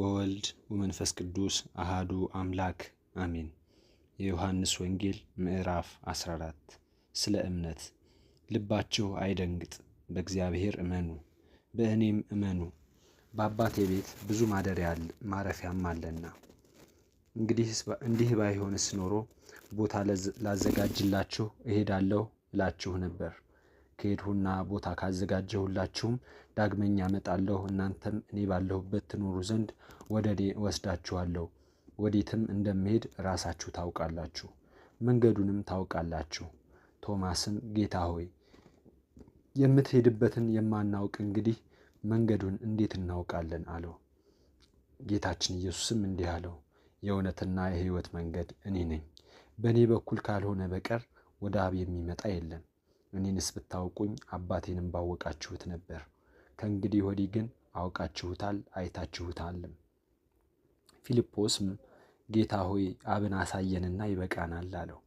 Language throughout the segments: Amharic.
ወወልድ ወመንፈስ ቅዱስ አሃዱ አምላክ አሜን። የዮሐንስ ወንጌል ምዕራፍ 14 ስለ እምነት። ልባችሁ አይደንግጥ፣ በእግዚአብሔር እመኑ፣ በእኔም እመኑ። በአባቴ ቤት ብዙ ማደሪያ ማረፊያም አለና፣ እንዲህ ባይሆንስ ኖሮ ቦታ ላዘጋጅላችሁ እሄዳለሁ እላችሁ ነበር። ከሄድሁና ቦታ ካዘጋጀሁላችሁም ዳግመኛ እመጣለሁ፣ እናንተም እኔ ባለሁበት ትኖሩ ዘንድ ወደ እኔ ወስዳችኋለሁ። ወዴትም እንደምሄድ ራሳችሁ ታውቃላችሁ፣ መንገዱንም ታውቃላችሁ። ቶማስም ጌታ ሆይ የምትሄድበትን የማናውቅ እንግዲህ መንገዱን እንዴት እናውቃለን? አለው። ጌታችን ኢየሱስም እንዲህ አለው፣ የእውነትና የሕይወት መንገድ እኔ ነኝ። በእኔ በኩል ካልሆነ በቀር ወደ አብ የሚመጣ የለም። እኔንስ ብታውቁኝ አባቴንም ባወቃችሁት ነበር። ከእንግዲህ ወዲህ ግን አውቃችሁታል አይታችሁታልም። ፊልጶስም ጌታ ሆይ አብን አሳየንና ይበቃናል አለው።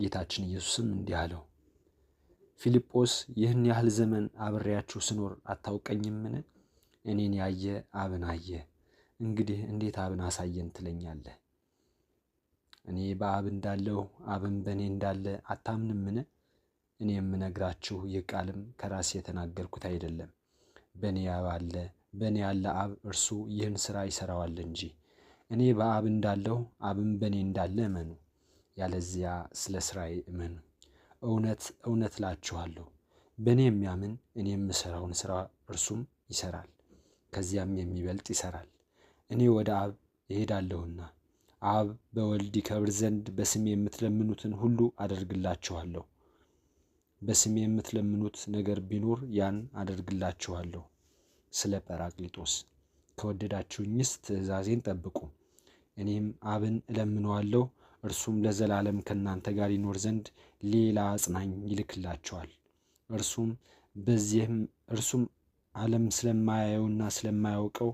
ጌታችን ኢየሱስም እንዲህ አለው፣ ፊልጶስ ይህን ያህል ዘመን አብሬያችሁ ስኖር አታውቀኝምን? እኔን ያየ አብን አየ። እንግዲህ እንዴት አብን አሳየን ትለኛለህ? እኔ በአብ እንዳለው አብን በእኔ እንዳለ አታምንምን? እኔ የምነግራችሁ ይህ ቃልም ከራሴ የተናገርኩት አይደለም በእኔ አብ አለ በእኔ ያለ አብ እርሱ ይህን ሥራ ይሠራዋል እንጂ። እኔ በአብ እንዳለሁ አብም በእኔ እንዳለ እመኑ፣ ያለዚያ ስለ ሥራዬ እመኑ። እውነት እውነት እላችኋለሁ በእኔ የሚያምን እኔ የምሠራውን ሥራ እርሱም ይሠራል፣ ከዚያም የሚበልጥ ይሠራል። እኔ ወደ አብ እሄዳለሁና አብ በወልድ ይከብር ዘንድ በስሜ የምትለምኑትን ሁሉ አደርግላችኋለሁ። በስሜ የምትለምኑት ነገር ቢኖር ያን አደርግላችኋለሁ። ስለ ጰራቅሊጦስ ከወደዳችሁኝስ ትእዛዜን ጠብቁ። እኔም አብን እለምነዋለሁ፣ እርሱም ለዘላለም ከእናንተ ጋር ይኖር ዘንድ ሌላ አጽናኝ ይልክላችኋል። እርሱም በዚህም እርሱም ዓለም ስለማያየውና ስለማያውቀው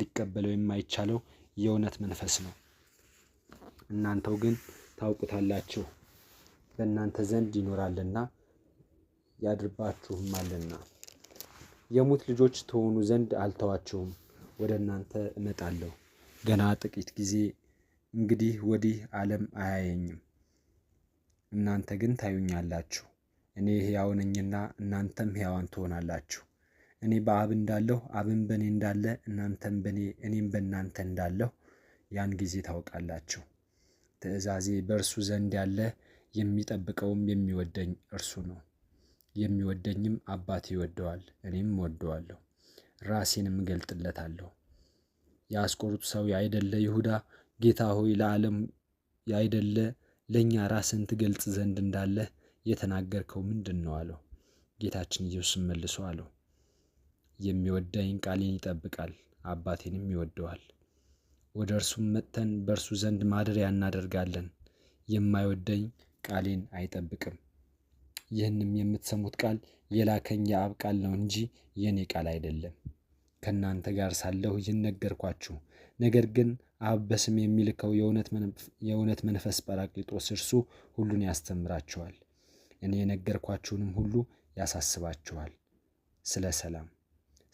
ሊቀበለው የማይቻለው የእውነት መንፈስ ነው። እናንተው ግን ታውቁታላችሁ፣ በእናንተ ዘንድ ይኖራልና ያድርባችሁማልና የሙት ልጆች ትሆኑ ዘንድ አልተዋችሁም፣ ወደ እናንተ እመጣለሁ። ገና ጥቂት ጊዜ እንግዲህ ወዲህ ዓለም አያየኝም፣ እናንተ ግን ታዩኛላችሁ። እኔ ሕያው ነኝና እናንተም ሕያዋን ትሆናላችሁ። እኔ በአብ እንዳለሁ አብን በእኔ እንዳለ እናንተም በእኔ እኔም በእናንተ እንዳለሁ ያን ጊዜ ታውቃላችሁ። ትእዛዜ በእርሱ ዘንድ ያለ የሚጠብቀውም የሚወደኝ እርሱ ነው። የሚወደኝም አባቴ ይወደዋል፣ እኔም ወደዋለሁ፣ ራሴንም እገልጥለታለሁ። የአስቆሮቱ ሰው ያይደለ ይሁዳ ጌታ ሆይ ለዓለም ያይደለ ለእኛ ራስን ትገልጽ ዘንድ እንዳለህ የተናገርከው ምንድን ነው አለው። ጌታችን ኢየሱስ መልሶ አለው የሚወደኝ ቃሌን ይጠብቃል፣ አባቴንም ይወደዋል፣ ወደ እርሱም መጥተን በእርሱ ዘንድ ማደሪያ እናደርጋለን። የማይወደኝ ቃሌን አይጠብቅም። ይህንም የምትሰሙት ቃል የላከኝ የአብ ቃል ነው እንጂ የእኔ ቃል አይደለም። ከእናንተ ጋር ሳለሁ ይህን ነገርኳችሁ። ነገር ግን አብ በስም የሚልከው የእውነት መንፈስ ጰራቅሊጦስ እርሱ ሁሉን ያስተምራችኋል፣ እኔ የነገርኳችሁንም ሁሉ ያሳስባችኋል። ስለ ሰላም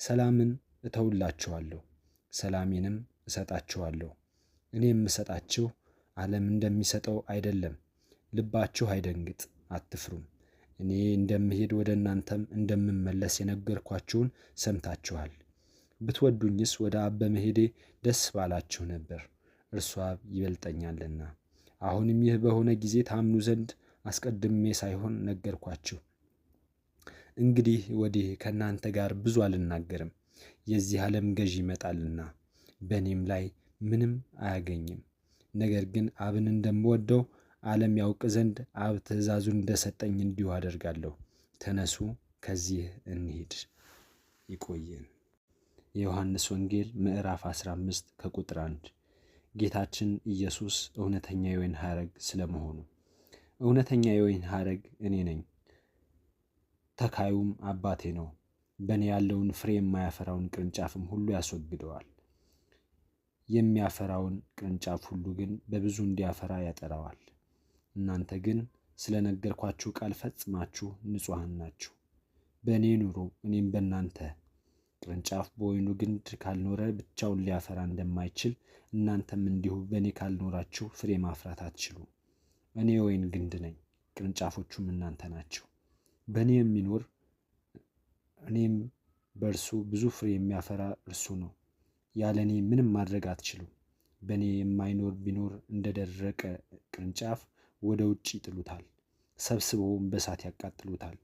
ሰላምን እተውላችኋለሁ፣ ሰላሜንም እሰጣችኋለሁ። እኔ የምሰጣችሁ ዓለም እንደሚሰጠው አይደለም። ልባችሁ አይደንግጥ፣ አትፍሩም። እኔ እንደምሄድ ወደ እናንተም እንደምመለስ የነገርኳችሁን ሰምታችኋል። ብትወዱኝስ ወደ አብ በመሄዴ ደስ ባላችሁ ነበር፣ እርሱ አብ ይበልጠኛልና። አሁንም ይህ በሆነ ጊዜ ታምኑ ዘንድ አስቀድሜ ሳይሆን ነገርኳችሁ። እንግዲህ ወዲህ ከእናንተ ጋር ብዙ አልናገርም፣ የዚህ ዓለም ገዥ ይመጣልና በእኔም ላይ ምንም አያገኝም። ነገር ግን አብን እንደምወደው ዓለም ያውቅ ዘንድ አብ ትእዛዙን እንደሰጠኝ እንዲሁ አደርጋለሁ። ተነሱ ከዚህ እንሂድ። ይቆየን። የዮሐንስ ወንጌል ምዕራፍ 15 ከቁጥር 1 ጌታችን ኢየሱስ እውነተኛ የወይን ሐረግ ስለመሆኑ። እውነተኛ የወይን ሐረግ እኔ ነኝ፣ ተካዩም አባቴ ነው። በእኔ ያለውን ፍሬ የማያፈራውን ቅርንጫፍም ሁሉ ያስወግደዋል። የሚያፈራውን ቅርንጫፍ ሁሉ ግን በብዙ እንዲያፈራ ያጠራዋል። እናንተ ግን ስለነገርኳችሁ ቃል ፈጽማችሁ ንጹሐን ናችሁ። በእኔ ኑሩ፣ እኔም በእናንተ። ቅርንጫፍ በወይኑ ግንድ ካልኖረ ብቻውን ሊያፈራ እንደማይችል እናንተም እንዲሁ በእኔ ካልኖራችሁ ፍሬ ማፍራት አትችሉ። እኔ የወይን ግንድ ነኝ፣ ቅርንጫፎቹም እናንተ ናቸው። በእኔ የሚኖር እኔም በእርሱ ብዙ ፍሬ የሚያፈራ እርሱ ነው። ያለ እኔ ምንም ማድረግ አትችሉም። በእኔ የማይኖር ቢኖር እንደደረቀ ቅርንጫፍ ወደ ውጭ ይጥሉታል፣ ሰብስበውም በእሳት ያቃጥሉታል።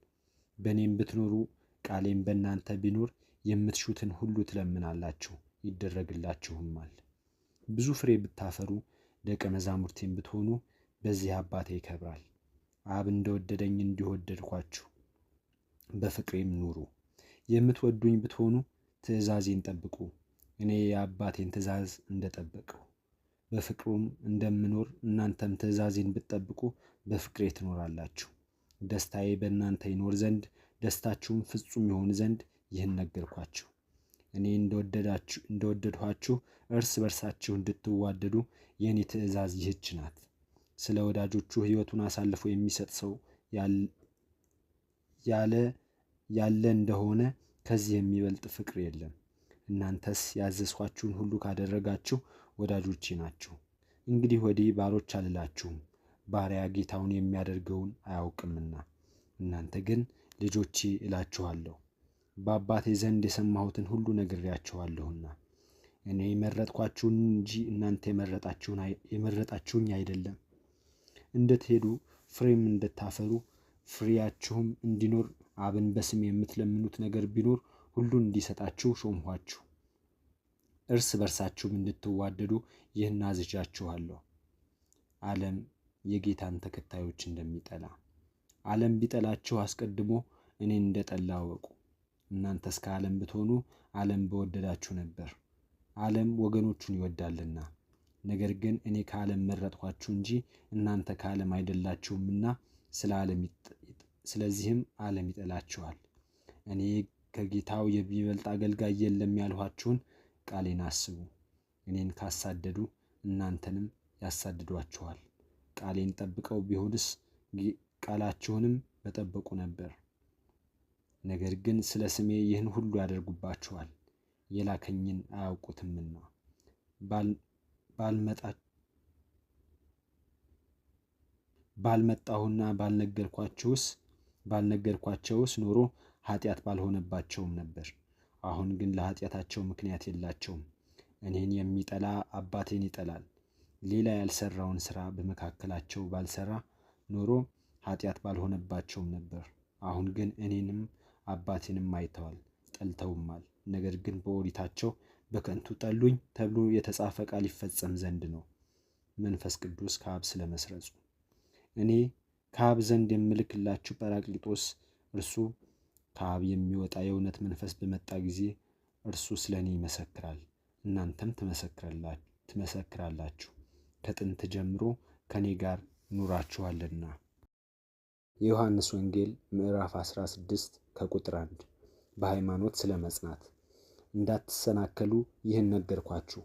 በእኔም ብትኖሩ ቃሌም በእናንተ ቢኖር የምትሹትን ሁሉ ትለምናላችሁ ይደረግላችሁማል። ብዙ ፍሬ ብታፈሩ ደቀ መዛሙርቴም ብትሆኑ በዚህ አባቴ ይከብራል። አብ እንደወደደኝ እንዲወደድኳችሁ በፍቅሬም ኑሩ። የምትወዱኝ ብትሆኑ ትእዛዜን ጠብቁ። እኔ የአባቴን ትእዛዝ እንደጠበቅሁ በፍቅሩም እንደምኖር እናንተም ትእዛዜን ብትጠብቁ በፍቅሬ ትኖራላችሁ። ደስታዬ በእናንተ ይኖር ዘንድ ደስታችሁም ፍጹም ይሆን ዘንድ ይህን ነገርኳችሁ። እኔ እንደወደድኋችሁ እርስ በርሳችሁ እንድትዋደዱ የእኔ ትእዛዝ ይህች ናት። ስለ ወዳጆቹ ሕይወቱን አሳልፎ የሚሰጥ ሰው ያለ ያለ እንደሆነ ከዚህ የሚበልጥ ፍቅር የለም። እናንተስ ያዘዝኳችሁን ሁሉ ካደረጋችሁ ወዳጆቼ ናችሁ። እንግዲህ ወዲህ ባሮች አልላችሁም፣ ባሪያ ጌታውን የሚያደርገውን አያውቅምና፣ እናንተ ግን ልጆቼ እላችኋለሁ፣ በአባቴ ዘንድ የሰማሁትን ሁሉ ነግሬያችኋለሁና። እኔ የመረጥኳችሁን እንጂ እናንተ የመረጣችሁኝ አይደለም፣ እንድትሄዱ ፍሬም እንድታፈሩ ፍሬያችሁም እንዲኖር አብን በስም የምትለምኑት ነገር ቢኖር ሁሉን እንዲሰጣችሁ ሾምኋችሁ። እርስ በርሳችሁም እንድትዋደዱ ይህን አዝዣችኋለሁ። ዓለም የጌታን ተከታዮች እንደሚጠላ ዓለም ቢጠላችሁ አስቀድሞ እኔን እንደጠላ አወቁ። እስከ ዓለም ብትሆኑ ዓለም በወደዳችሁ ነበር፣ ዓለም ወገኖቹን ይወዳልና። ነገር ግን እኔ ከዓለም መረጥኋችሁ እንጂ እናንተ ከዓለም አይደላችሁምና ስለዚህም ዓለም ይጠላችኋል። እኔ ከጌታው የሚበልጥ አገልጋይ የለም ያልኋችሁን ቃሌን አስቡ። እኔን ካሳደዱ እናንተንም ያሳድዷችኋል። ቃሌን ጠብቀው ቢሆንስ ቃላችሁንም በጠበቁ ነበር። ነገር ግን ስለ ስሜ ይህን ሁሉ ያደርጉባችኋል፣ የላከኝን አያውቁትምና ባልመጣሁና ባልነገርኳቸውስ ኖሮ ኃጢአት ባልሆነባቸውም ነበር። አሁን ግን ለኃጢአታቸው ምክንያት የላቸውም። እኔን የሚጠላ አባቴን ይጠላል። ሌላ ያልሰራውን ሥራ በመካከላቸው ባልሰራ ኖሮ ኃጢአት ባልሆነባቸውም ነበር። አሁን ግን እኔንም አባቴንም አይተዋል፣ ጠልተውማል። ነገር ግን በኦሪታቸው በከንቱ ጠሉኝ ተብሎ የተጻፈ ቃል ይፈጸም ዘንድ ነው። መንፈስ ቅዱስ ከአብ መስረጹ እኔ ከአብ ዘንድ የምልክላችሁ ጰራቅሊጦስ እርሱ ከአብ የሚወጣ የእውነት መንፈስ በመጣ ጊዜ እርሱ ስለ እኔ ይመሰክራል፣ እናንተም ትመሰክራላችሁ፣ ከጥንት ጀምሮ ከእኔ ጋር ኑራችኋልና። የዮሐንስ ወንጌል ምዕራፍ 16 ከቁጥር 1 በሃይማኖት ስለ መጽናት እንዳትሰናከሉ ይህን ነገርኳችሁ፣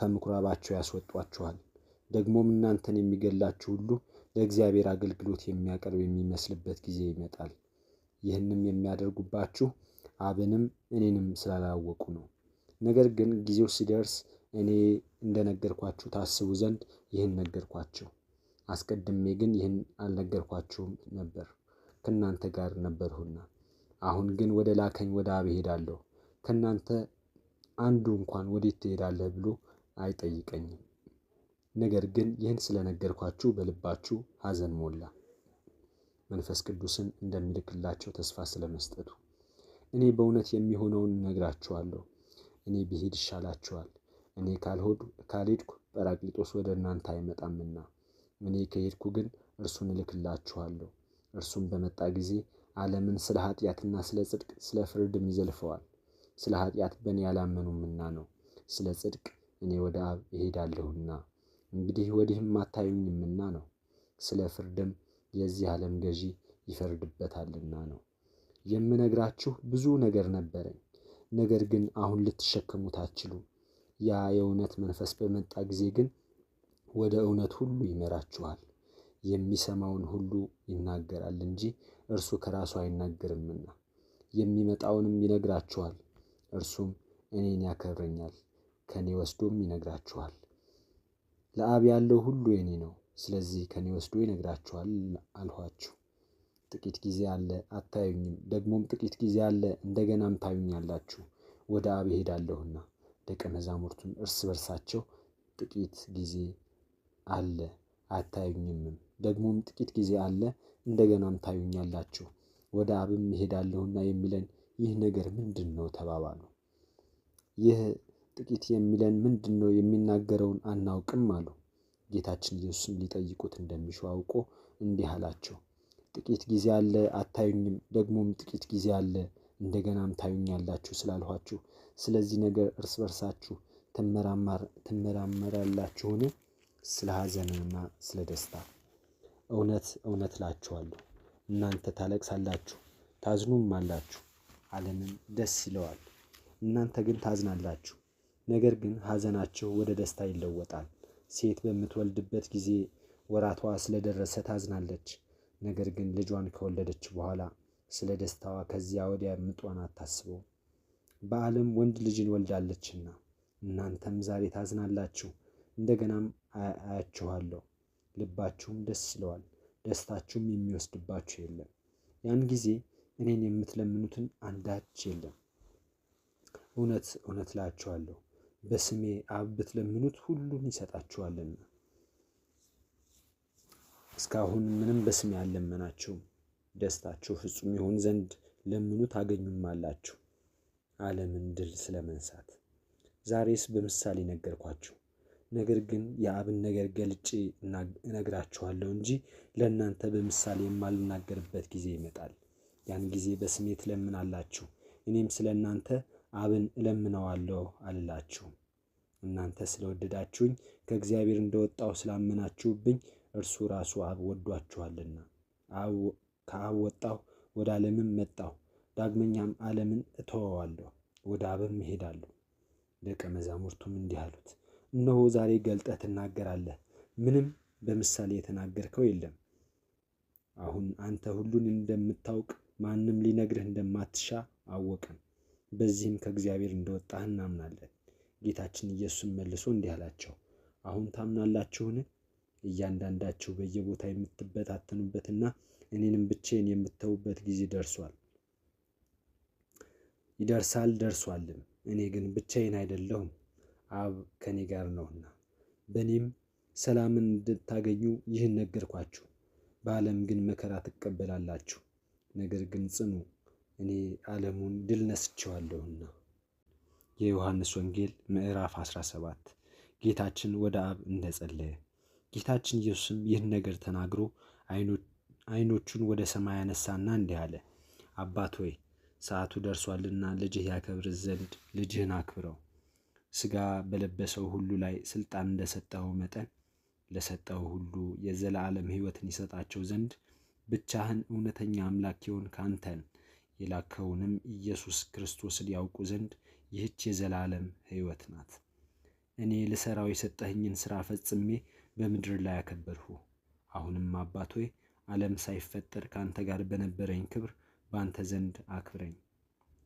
ከምኩራባቸው ያስወጧችኋል። ደግሞም እናንተን የሚገላችሁ ሁሉ ለእግዚአብሔር አገልግሎት የሚያቀርብ የሚመስልበት ጊዜ ይመጣል። ይህንም የሚያደርጉባችሁ አብንም እኔንም ስላላወቁ ነው። ነገር ግን ጊዜው ሲደርስ እኔ እንደነገርኳችሁ ታስቡ ዘንድ ይህን ነገርኳችሁ። አስቀድሜ ግን ይህን አልነገርኳችሁም ነበር፣ ከእናንተ ጋር ነበርሁና። አሁን ግን ወደ ላከኝ ወደ አብ እሄዳለሁ፣ ከእናንተ አንዱ እንኳን ወዴት ትሄዳለህ ብሎ አይጠይቀኝም። ነገር ግን ይህን ስለነገርኳችሁ በልባችሁ ሐዘን ሞላ። መንፈስ ቅዱስን እንደሚልክላቸው ተስፋ ስለመስጠቱ እኔ በእውነት የሚሆነውን ነግራችኋለሁ። እኔ ብሄድ ይሻላችኋል። እኔ ካልሄድኩ ጰራቅሊጦስ ወደ እናንተ አይመጣምና፣ እኔ ከሄድኩ ግን እርሱን እልክላችኋለሁ። እርሱም በመጣ ጊዜ ዓለምን ስለ ኃጢአትና ስለ ጽድቅ፣ ስለ ፍርድም ይዘልፈዋል። ስለ ኃጢአት በእኔ ያላመኑምና ነው። ስለ ጽድቅ እኔ ወደ አብ እሄዳለሁና እንግዲህ ወዲህም አታዩኝምና ነው። ስለ ፍርድም የዚህ ዓለም ገዢ ይፈርድበታልና ነው። የምነግራችሁ ብዙ ነገር ነበረኝ፣ ነገር ግን አሁን ልትሸከሙት አትችሉም። ያ የእውነት መንፈስ በመጣ ጊዜ ግን ወደ እውነት ሁሉ ይመራችኋል። የሚሰማውን ሁሉ ይናገራል እንጂ እርሱ ከራሱ አይናገርምና፣ የሚመጣውንም ይነግራችኋል። እርሱም እኔን ያከብረኛል፣ ከእኔ ወስዶም ይነግራችኋል። ለአብ ያለው ሁሉ የኔ ነው። ስለዚህ ከኔ ወስዶ ይነግራችኋል አልኋችሁ። ጥቂት ጊዜ አለ አታዩኝም፣ ደግሞም ጥቂት ጊዜ አለ እንደገናም ታዩኛላችሁ፣ ወደ አብ እሄዳለሁና። ደቀ መዛሙርቱም እርስ በርሳቸው ጥቂት ጊዜ አለ አታዩኝምም፣ ደግሞም ጥቂት ጊዜ አለ እንደገናም ታዩኛላችሁ፣ ወደ አብም እሄዳለሁና የሚለን ይህ ነገር ምንድን ነው ተባባሉ። ይህ ጥቂት የሚለን ምንድን ነው? የሚናገረውን አናውቅም አሉ። ጌታችን ኢየሱስም ሊጠይቁት እንደሚሹ አውቆ እንዲህ አላቸው፣ ጥቂት ጊዜ አለ አታዩኝም፣ ደግሞም ጥቂት ጊዜ አለ እንደገናም ታዩኛላችሁ ስላልኋችሁ ስለዚህ ነገር እርስ በርሳችሁ ትመራመራላችሁን? ስለ ሐዘንና ስለ ደስታ እውነት እውነት እላችኋለሁ እናንተ ታለቅሳላችሁ፣ ታዝኑም አላችሁ፣ ዓለምም ደስ ይለዋል። እናንተ ግን ታዝናላችሁ፣ ነገር ግን ሐዘናችሁ ወደ ደስታ ይለወጣል። ሴት በምትወልድበት ጊዜ ወራቷ ስለደረሰ ታዝናለች። ነገር ግን ልጇን ከወለደች በኋላ ስለ ደስታዋ ከዚያ ወዲያ ምጧን አታስበው። በዓለም ወንድ ልጅን ወልዳለችና እናንተም ዛሬ ታዝናላችሁ፣ እንደገናም አያችኋለሁ። ልባችሁም ደስ ይለዋል፣ ደስታችሁም የሚወስድባችሁ የለም። ያን ጊዜ እኔን የምትለምኑትን አንዳች የለም። እውነት እውነት እላችኋለሁ በስሜ አብ ብትለምኑት ሁሉን ይሰጣችኋልና እስካሁን ምንም በስሜ አልለመናችሁም። ደስታችሁ ፍጹም ይሆን ዘንድ ለምኑ ታገኙማላችሁ። ዓለምን ድል ስለመንሳት ዛሬስ በምሳሌ ነገርኳችሁ። ነገር ግን የአብን ነገር ገልጬ እነግራችኋለሁ እንጂ ለእናንተ በምሳሌ የማልናገርበት ጊዜ ይመጣል። ያን ጊዜ በስሜ ትለምናላችሁ፣ እኔም ስለ እናንተ አብን እለምነዋለሁ አልላችሁም። እናንተ ስለወደዳችሁኝ ከእግዚአብሔር እንደወጣው ስላመናችሁብኝ እርሱ ራሱ አብ ወዷችኋልና ከአብ ወጣሁ፣ ወደ ዓለምም መጣሁ። ዳግመኛም ዓለምን እተወዋለሁ፣ ወደ አብም እሄዳለሁ። ደቀ መዛሙርቱም እንዲህ አሉት፣ እነሆ ዛሬ ገልጠህ ትናገራለህ፣ ምንም በምሳሌ የተናገርከው የለም። አሁን አንተ ሁሉን እንደምታውቅ ማንም ሊነግርህ እንደማትሻ አወቅን። በዚህም ከእግዚአብሔር እንደወጣህ እናምናለን። ጌታችን ኢየሱስ መልሶ እንዲህ አላቸው፣ አሁን ታምናላችሁን? እያንዳንዳችሁ በየቦታ የምትበታተኑበትና እኔንም ብቻዬን የምተውበት ጊዜ ደርሷል ይደርሳል ደርሷልም። እኔ ግን ብቻዬን አይደለሁም፣ አብ ከእኔ ጋር ነውና። በእኔም ሰላምን እንድታገኙ ይህን ነገርኳችሁ። በዓለም ግን መከራ ትቀበላላችሁ። ነገር ግን ጽኑ እኔ ዓለሙን ድል ነስቼዋለሁና። የዮሐንስ ወንጌል ምዕራፍ 17 ጌታችን ወደ አብ እንደጸለየ። ጌታችን ኢየሱስም ይህን ነገር ተናግሮ ዓይኖቹን ወደ ሰማይ ያነሳና እንዲህ አለ፣ አባት ሆይ ሰዓቱ ደርሷልና ልጅህ ያከብር ዘንድ ልጅህን አክብረው። ሥጋ በለበሰው ሁሉ ላይ ሥልጣን እንደሰጠው መጠን ለሰጠው ሁሉ የዘላለም ሕይወትን ይሰጣቸው ዘንድ ብቻህን እውነተኛ አምላክ ይሆን አንተን የላከውንም ኢየሱስ ክርስቶስን ያውቁ ዘንድ ይህች የዘላለም ሕይወት ናት። እኔ ልሠራው የሰጠኸኝን ሥራ ፈጽሜ በምድር ላይ አከበርሁ። አሁንም አባት ሆይ ዓለም ሳይፈጠር ከአንተ ጋር በነበረኝ ክብር በአንተ ዘንድ አክብረኝ።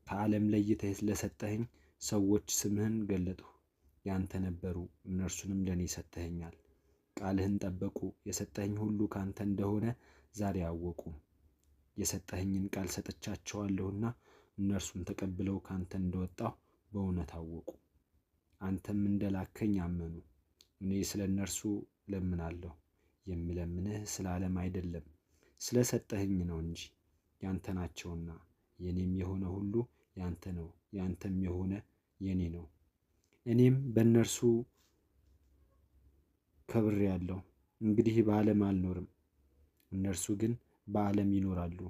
ከዓለም ለይተህ ለሰጠኸኝ ሰዎች ስምህን ገለጥሁ። ያንተ ነበሩ፣ እነርሱንም ለእኔ ሰጥተኸኛል። ቃልህን ጠበቁ። የሰጠኸኝ ሁሉ ካንተ እንደሆነ ዛሬ አወቁም። የሰጠህኝን ቃል ሰጥቻቸዋለሁና እነርሱም ተቀብለው ካንተ እንደወጣሁ በእውነት አወቁ። አንተም እንደላከኝ አመኑ። እኔ ስለ እነርሱ እለምናለሁ። የምለምንህ ስለ ዓለም አይደለም፣ ስለ ሰጠኸኝ ነው እንጂ ያንተ ናቸውና። የኔም የሆነ ሁሉ ያንተ ነው፣ ያንተም የሆነ የኔ ነው። እኔም በእነርሱ ከብሬ ያለው እንግዲህ በዓለም አልኖርም። እነርሱ ግን በዓለም ይኖራሉ፣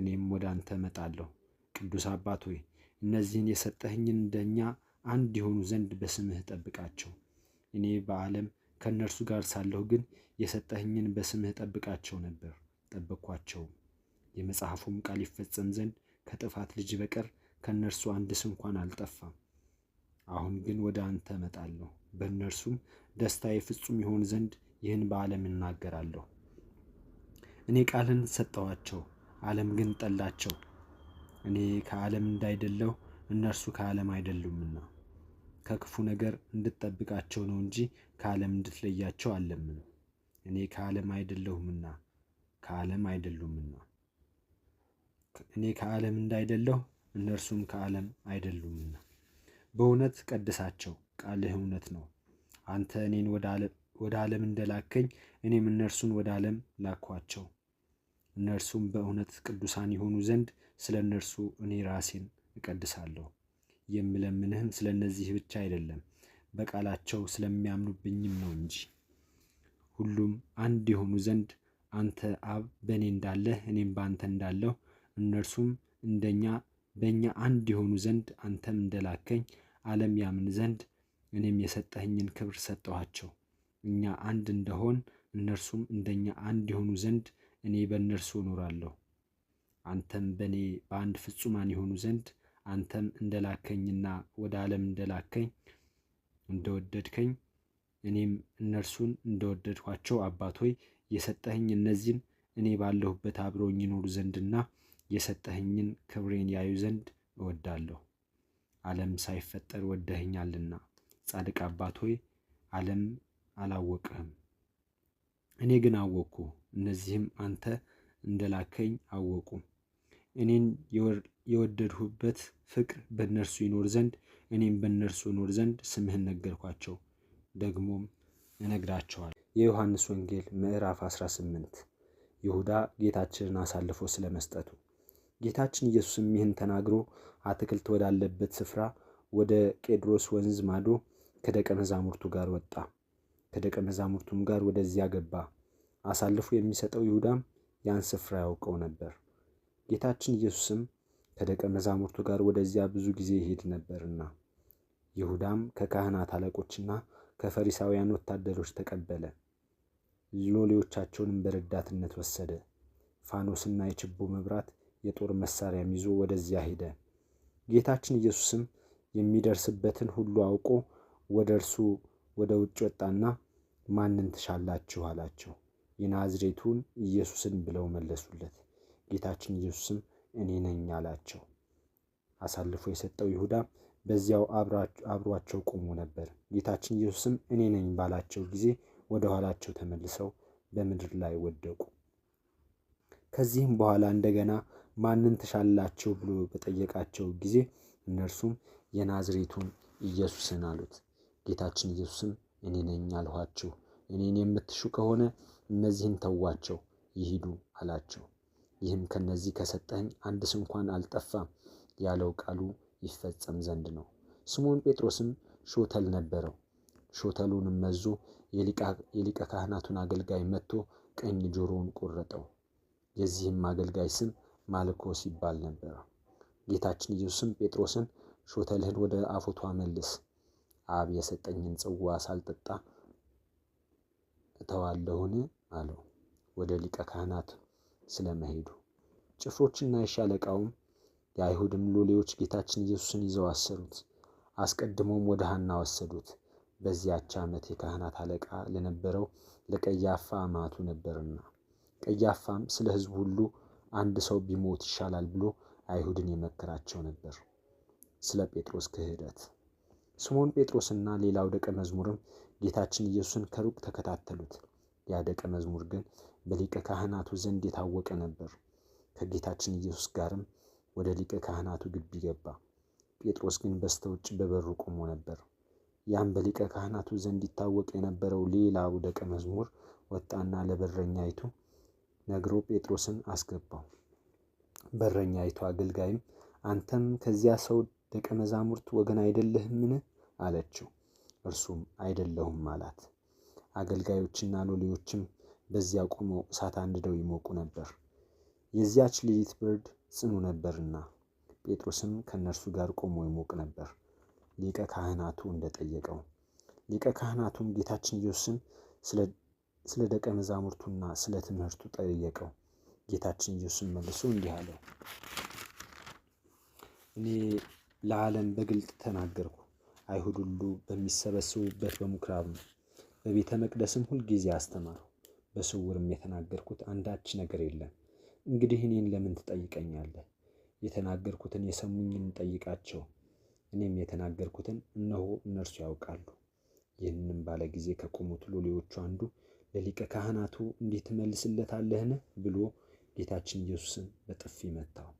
እኔም ወደ አንተ እመጣለሁ። ቅዱስ አባት ሆይ እነዚህን የሰጠህኝን እንደኛ አንድ የሆኑ ዘንድ በስምህ ጠብቃቸው። እኔ በዓለም ከእነርሱ ጋር ሳለሁ ግን የሰጠህኝን በስምህ ጠብቃቸው ነበር፣ ጠበቅኳቸውም። የመጽሐፉም ቃል ይፈጸም ዘንድ ከጥፋት ልጅ በቀር ከእነርሱ አንድስ እንኳን አልጠፋም። አሁን ግን ወደ አንተ እመጣለሁ፣ በእነርሱም ደስታዬ ፍጹም ይሆን ዘንድ ይህን በዓለም እናገራለሁ። እኔ ቃልን ሰጠኋቸው፣ ዓለም ግን ጠላቸው። እኔ ከዓለም እንዳይደለሁ እነርሱ ከዓለም አይደሉምና ከክፉ ነገር እንድጠብቃቸው ነው እንጂ ከዓለም እንድትለያቸው አለምን። እኔ ከዓለም አይደለሁምና ከዓለም አይደሉምና እኔ ከዓለም እንዳይደለሁ እነርሱም ከዓለም አይደሉምና በእውነት ቀድሳቸው፣ ቃልህ እውነት ነው። አንተ እኔን ወደ ዓለም እንደላከኝ እኔም እነርሱን ወደ ዓለም ላኳቸው። እነርሱም በእውነት ቅዱሳን የሆኑ ዘንድ ስለ እነርሱ እኔ ራሴን እቀድሳለሁ። የምለምንህም ስለ እነዚህ ብቻ አይደለም፣ በቃላቸው ስለሚያምኑብኝም ነው እንጂ ሁሉም አንድ የሆኑ ዘንድ አንተ አብ በእኔ እንዳለህ እኔም በአንተ እንዳለሁ እነርሱም እንደኛ በእኛ አንድ የሆኑ ዘንድ አንተም እንደላከኝ ዓለም ያምን ዘንድ እኔም የሰጠህኝን ክብር ሰጠኋቸው። እኛ አንድ እንደሆን እነርሱም እንደኛ አንድ የሆኑ ዘንድ እኔ በእነርሱ እኖራለሁ። አንተም በእኔ በአንድ ፍጹማን የሆኑ ዘንድ አንተም እንደላከኝና ወደ ዓለም እንደላከኝ እንደወደድከኝ እኔም እነርሱን እንደወደድኳቸው አባት ሆይ የሰጠኸኝ እነዚህን እኔ ባለሁበት አብረውኝ ይኖሩ ዘንድና የሰጠኸኝን ክብሬን ያዩ ዘንድ እወዳለሁ። ዓለም ሳይፈጠር ወደኸኛልና ጻድቅ አባት ሆይ ዓለም አላወቅህም፣ እኔ ግን አወቅኩ። እነዚህም አንተ እንደላከኝ አወቁ። እኔን የወደድሁበት ፍቅር በእነርሱ ይኖር ዘንድ እኔም በእነርሱ እኖር ዘንድ ስምህን ነገርኳቸው፣ ደግሞም እነግራቸዋል። የዮሐንስ ወንጌል ምዕራፍ 18 ይሁዳ ጌታችንን አሳልፎ ስለ መስጠቱ። ጌታችን ኢየሱስም ይህን ተናግሮ አትክልት ወዳለበት ስፍራ ወደ ቄድሮስ ወንዝ ማዶ ከደቀ መዛሙርቱ ጋር ወጣ። ከደቀ መዛሙርቱም ጋር ወደዚያ ገባ። አሳልፎ የሚሰጠው ይሁዳም ያን ስፍራ ያውቀው ነበር። ጌታችን ኢየሱስም ከደቀ መዛሙርቱ ጋር ወደዚያ ብዙ ጊዜ ይሄድ ነበርና፣ ይሁዳም ከካህናት አለቆችና ከፈሪሳውያን ወታደሮች ተቀበለ። ሎሌዎቻቸውንም በረዳትነት ወሰደ። ፋኖስና የችቦ መብራት የጦር መሳሪያም ይዞ ወደዚያ ሄደ። ጌታችን ኢየሱስም የሚደርስበትን ሁሉ አውቆ ወደ እርሱ ወደ ውጭ ወጣና ማንን ትሻላችሁ? አላቸው። የናዝሬቱን ኢየሱስን ብለው መለሱለት። ጌታችን ኢየሱስም እኔ ነኝ አላቸው። አሳልፎ የሰጠው ይሁዳ በዚያው አብሯቸው ቆሞ ነበር። ጌታችን ኢየሱስም እኔ ነኝ ባላቸው ጊዜ ወደ ኋላቸው ተመልሰው በምድር ላይ ወደቁ። ከዚህም በኋላ እንደገና ማንን ትሻላቸው ብሎ በጠየቃቸው ጊዜ እነርሱም የናዝሬቱን ኢየሱስን አሉት። ጌታችን ኢየሱስም እኔ ነኝ አልኋችሁ፣ እኔን የምትሹ ከሆነ እነዚህን ተዋቸው ይሂዱ አላቸው። ይህም ከነዚህ ከሰጠኝ አንድ እንኳን አልጠፋም ያለው ቃሉ ይፈጸም ዘንድ ነው። ስምዖን ጴጥሮስም ሾተል ነበረው። ሾተሉንም መዞ የሊቀ ካህናቱን አገልጋይ መጥቶ ቀኝ ጆሮውን ቆረጠው። የዚህም አገልጋይ ስም ማልኮስ ይባል ነበረ። ጌታችን ኢየሱስም ጴጥሮስን ሾተልህን ወደ አፎቷ መልስ፣ አብ የሰጠኝን ጽዋ ሳልጠጣ እተዋለሁን አለው ወደ ሊቀ ካህናት ስለመሄዱ። ጭፍሮችና የሻለቃውም የአይሁድም ሎሌዎች ጌታችን ኢየሱስን ይዘው አሰሩት። አስቀድሞም ወደ ሐና ወሰዱት። በዚያች ዓመት የካህናት አለቃ ለነበረው ለቀያፋ አማቱ ነበርና፣ ቀያፋም ስለ ሕዝቡ ሁሉ አንድ ሰው ቢሞት ይሻላል ብሎ አይሁድን የመከራቸው ነበር። ስለ ጴጥሮስ ክህደት ስምዖን ጴጥሮስና ሌላው ደቀ መዝሙርም ጌታችን ኢየሱስን ከሩቅ ተከታተሉት። ያ ደቀ መዝሙር ግን በሊቀ ካህናቱ ዘንድ የታወቀ ነበር። ከጌታችን ኢየሱስ ጋርም ወደ ሊቀ ካህናቱ ግቢ ገባ። ጴጥሮስ ግን በስተ ውጭ በበሩ ቆሞ ነበር። ያም በሊቀ ካህናቱ ዘንድ ይታወቅ የነበረው ሌላው ደቀ መዝሙር ወጣና ለበረኛይቱ ነግሮ ጴጥሮስን አስገባው። በረኛይቱ አገልጋይም አንተም ከዚያ ሰው ደቀ መዛሙርት ወገን አይደለህምን? አለችው። እርሱም አይደለሁም አላት። አገልጋዮችና ሎሌዎችም በዚያ ቆመው እሳት አንድደው ይሞቁ ነበር። የዚያች ሌሊት ብርድ ጽኑ ነበርና፣ ጴጥሮስም ከእነርሱ ጋር ቆሞ ይሞቅ ነበር ሊቀ ካህናቱ እንደጠየቀው። ሊቀ ካህናቱም ጌታችን ኢየሱስን ስለ ደቀ መዛሙርቱና ስለ ትምህርቱ ጠየቀው። ጌታችን ኢየሱስን መልሶ እንዲህ አለው እኔ ለዓለም በግልጥ ተናገርኩ። አይሁድ ሁሉ በሚሰበስቡበት በምኩራብ ነው። በቤተ መቅደስም ሁልጊዜ አስተማርሁ። በስውርም የተናገርኩት አንዳች ነገር የለም። እንግዲህ እኔን ለምን ትጠይቀኛለህ? የተናገርኩትን የሰሙኝን ጠይቃቸው። እኔም የተናገርኩትን እነሆ እነርሱ ያውቃሉ። ይህንም ባለ ጊዜ ከቆሙት ሎሌዎቹ አንዱ ለሊቀ ካህናቱ እንዲህ ትመልስለታለህን? ብሎ ጌታችን ኢየሱስን በጥፊ መታው።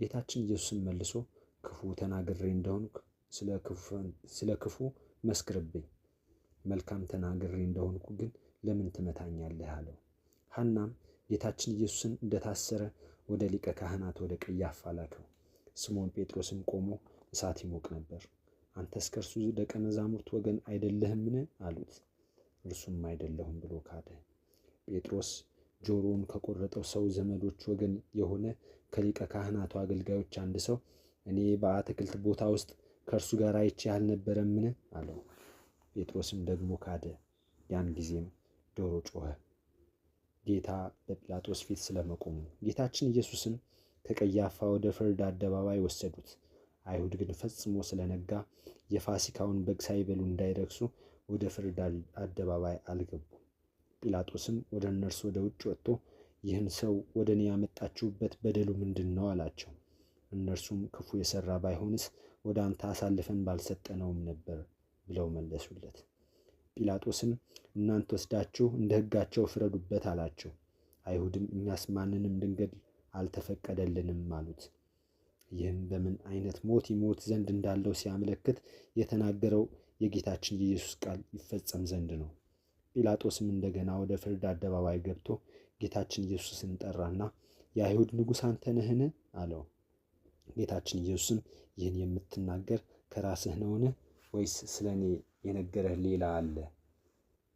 ጌታችን ኢየሱስን መልሶ ክፉ ተናግሬ እንደሆንኩ ስለ ክፉ መስክርብኝ፣ መልካም ተናግሬ እንደሆንኩ ግን ለምን ትመታኛለህ አለው። ሐናም ጌታችን ኢየሱስን እንደታሰረ ወደ ሊቀ ካህናት ወደ ቀያፋ ላከው። ስምዖን ጴጥሮስም ቆሞ እሳት ይሞቅ ነበር። አንተስ ከእርሱ ደቀ መዛሙርት ወገን አይደለህምን? አሉት። እርሱም አይደለሁም ብሎ ካደ። ጴጥሮስ ጆሮውን ከቆረጠው ሰው ዘመዶች ወገን የሆነ ከሊቀ ካህናቱ አገልጋዮች አንድ ሰው እኔ በአትክልት ቦታ ውስጥ ከእርሱ ጋር አይቼ አልነበረምን? አለው። ጴጥሮስም ደግሞ ካደ። ያን ጊዜም ዶሮ ጮኸ። ጌታ በጲላጦስ ፊት ስለመቆሙ ጌታችን ኢየሱስን ከቀያፋ ወደ ፍርድ አደባባይ ወሰዱት። አይሁድ ግን ፈጽሞ ስለነጋ የፋሲካውን በግ ሳይበሉ እንዳይረክሱ ወደ ፍርድ አደባባይ አልገቡም። ጲላጦስም ወደ እነርሱ ወደ ውጭ ወጥቶ ይህን ሰው ወደ እኔ ያመጣችሁበት በደሉ ምንድን ነው? አላቸው። እነርሱም ክፉ የሰራ ባይሆንስ ወደ አንተ አሳልፈን ባልሰጠነውም ነበር ብለው መለሱለት። ጲላጦስም እናንተ ወስዳችሁ እንደ ሕጋቸው ፍረዱበት አላቸው። አይሁድም እኛስ ማንንም ድንገድ አልተፈቀደልንም አሉት። ይህም በምን አይነት ሞት ይሞት ዘንድ እንዳለው ሲያመለክት የተናገረው የጌታችን የኢየሱስ ቃል ይፈጸም ዘንድ ነው። ጲላጦስም እንደገና ወደ ፍርድ አደባባይ ገብቶ ጌታችን ኢየሱስን ጠራና የአይሁድ ንጉሥ አንተ ነህን? አለው። ጌታችን ኢየሱስም ይህን የምትናገር ከራስህ ነውን? ወይስ ስለ እኔ የነገረህ ሌላ አለ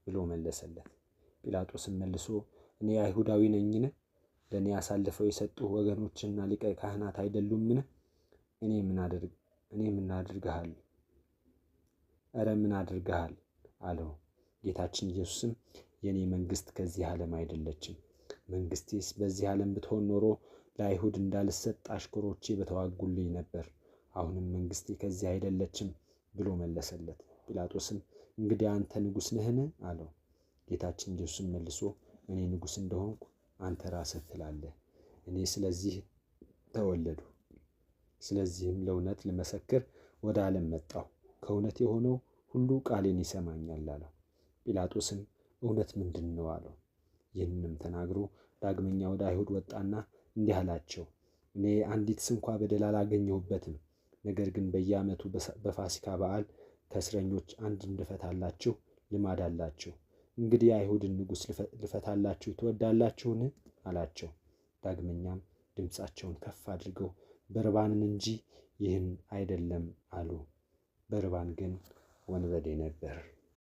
ብሎ መለሰለት። ጲላጦስም መልሶ እኔ አይሁዳዊ ነኝን? ለእኔ አሳልፈው የሰጡህ ወገኖችና ሊቀ ካህናት አይደሉምን? እኔ ምን አድርግሃል? እረ ምን አድርግሃል አለው። ጌታችን ኢየሱስም የእኔ መንግስት ከዚህ ዓለም አይደለችም። መንግስቴስ በዚህ ዓለም ብትሆን ኖሮ ለአይሁድ እንዳልሰጥ አሽከሮቼ በተዋጉልኝ ነበር። አሁንም መንግሥቴ ከዚህ አይደለችም ብሎ መለሰለት። ጲላጦስም እንግዲህ አንተ ንጉሥ ነህን? አለው። ጌታችን ኢየሱስም መልሶ እኔ ንጉሥ እንደሆንኩ አንተ ራስህ ትላለህ። እኔ ስለዚህ ተወለዱ፣ ስለዚህም ለእውነት ልመሰክር ወደ ዓለም መጣሁ። ከእውነት የሆነው ሁሉ ቃሌን ይሰማኛል አለው። ጲላጦስም እውነት ምንድን ነው? አለው። ይህንንም ተናግሮ ዳግመኛ ወደ አይሁድ ወጣና እንዲህ አላቸው፣ እኔ አንዲት ስንኳ በደል አላገኘሁበትም። ነገር ግን በየዓመቱ በፋሲካ በዓል ከእስረኞች አንድ እንድፈታላችሁ ልማድ አላችሁ። እንግዲህ የአይሁድን ንጉሥ ልፈታላችሁ ትወዳላችሁን? አላቸው። ዳግመኛም ድምፃቸውን ከፍ አድርገው በርባንን እንጂ ይህን አይደለም አሉ። በርባን ግን ወንበዴ ነበር።